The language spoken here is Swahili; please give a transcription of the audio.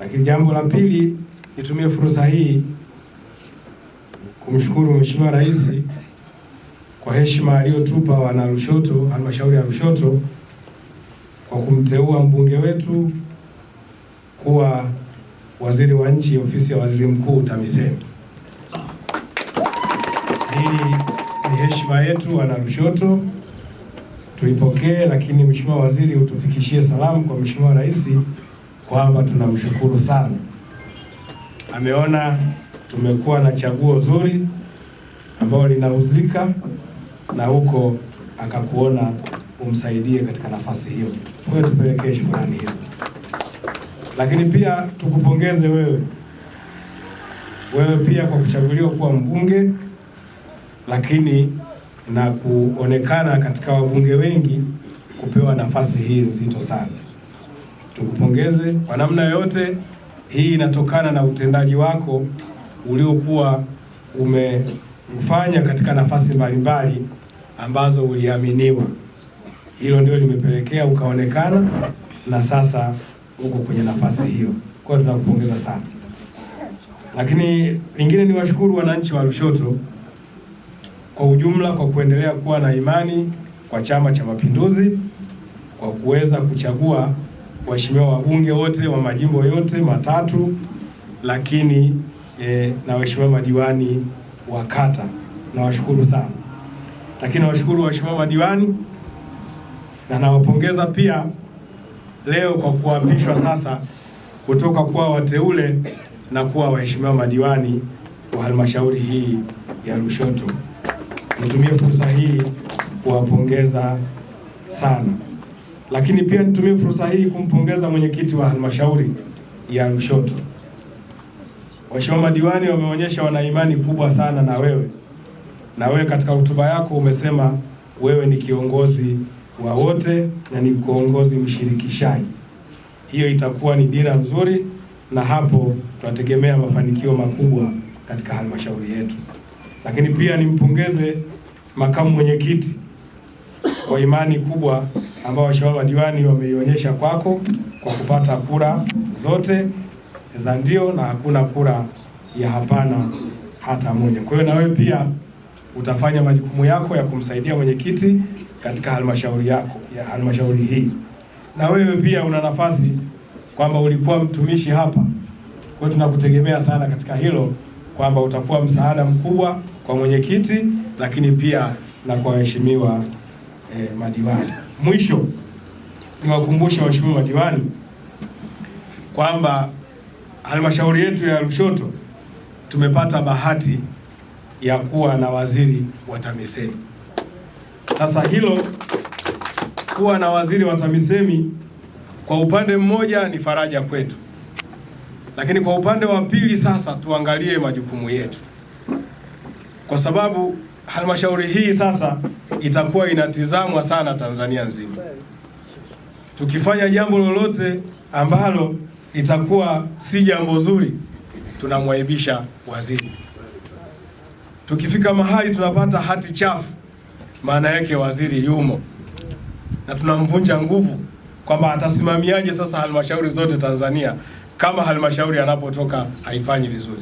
Lakini jambo la pili, nitumie fursa hii kumshukuru Mheshimiwa Rais kwa heshima aliyotupa wana Lushoto, halmashauri ya Lushoto kwa kumteua mbunge wetu kuwa waziri wa nchi ofisi ya waziri mkuu TAMISEMI. Hii ni heshima yetu wana Lushoto, tuipokee. Lakini Mheshimiwa Waziri, utufikishie salamu kwa Mheshimiwa Rais kwamba tunamshukuru sana. Ameona tumekuwa na chaguo zuri ambalo linahuzika na huko akakuona umsaidie katika nafasi hiyo. Kwa hiyo tupelekee shukrani hizo, lakini pia tukupongeze wewe wewe pia kwa kuchaguliwa kuwa mbunge, lakini na kuonekana katika wabunge wengi kupewa nafasi hii nzito sana tukupongeze kwa namna yoyote. Hii inatokana na utendaji wako uliokuwa umeufanya katika nafasi mbalimbali ambazo uliaminiwa. Hilo ndio limepelekea ukaonekana na sasa uko kwenye nafasi hiyo. Kwa hiyo tunakupongeza sana, lakini lingine ni washukuru wananchi wa Lushoto kwa ujumla kwa kuendelea kuwa na imani kwa Chama cha Mapinduzi kwa kuweza kuchagua waheshimiwa wabunge wote wa majimbo yote matatu, lakini e, na waheshimiwa madiwani wa kata, nawashukuru sana. Lakini nawashukuru waheshimiwa madiwani na nawapongeza pia leo kwa kuapishwa sasa kutoka kuwa wateule na kuwa waheshimiwa madiwani wa halmashauri hii ya Lushoto. Nitumie fursa hii kuwapongeza sana. Lakini pia nitumie fursa hii kumpongeza mwenyekiti wa halmashauri ya Lushoto. Waheshimiwa madiwani wameonyesha wana imani kubwa sana na wewe, na wewe katika hotuba yako umesema wewe ni kiongozi wa wote na ni kiongozi mshirikishaji. Hiyo itakuwa ni dira nzuri, na hapo tunategemea mafanikio makubwa katika halmashauri yetu. Lakini pia nimpongeze makamu mwenyekiti kwa imani kubwa ambao waheshimiwa madiwani wameionyesha kwako kwa kupata kura zote za ndio na hakuna kura ya hapana hata moja. Kwa hiyo na wewe pia utafanya majukumu yako ya kumsaidia mwenyekiti katika halmashauri yako ya halmashauri hii. Na wewe pia una nafasi kwamba ulikuwa mtumishi hapa, kwa hiyo tunakutegemea sana katika hilo kwamba utakuwa msaada mkubwa kwa mwenyekiti, lakini pia na kwa waheshimiwa eh, madiwani. Mwisho niwakumbushe waheshimiwa madiwani kwamba halmashauri yetu ya Lushoto tumepata bahati ya kuwa na waziri wa TAMISEMI. Sasa hilo kuwa na waziri wa TAMISEMI kwa upande mmoja ni faraja kwetu, lakini kwa upande wa pili sasa tuangalie majukumu yetu kwa sababu halmashauri hii sasa itakuwa inatizamwa sana Tanzania nzima. Tukifanya jambo lolote ambalo litakuwa si jambo zuri, tunamwaibisha waziri. Tukifika mahali tunapata hati chafu, maana yake waziri yumo na tunamvunja nguvu kwamba atasimamiaje sasa halmashauri zote Tanzania kama halmashauri anapotoka haifanyi vizuri.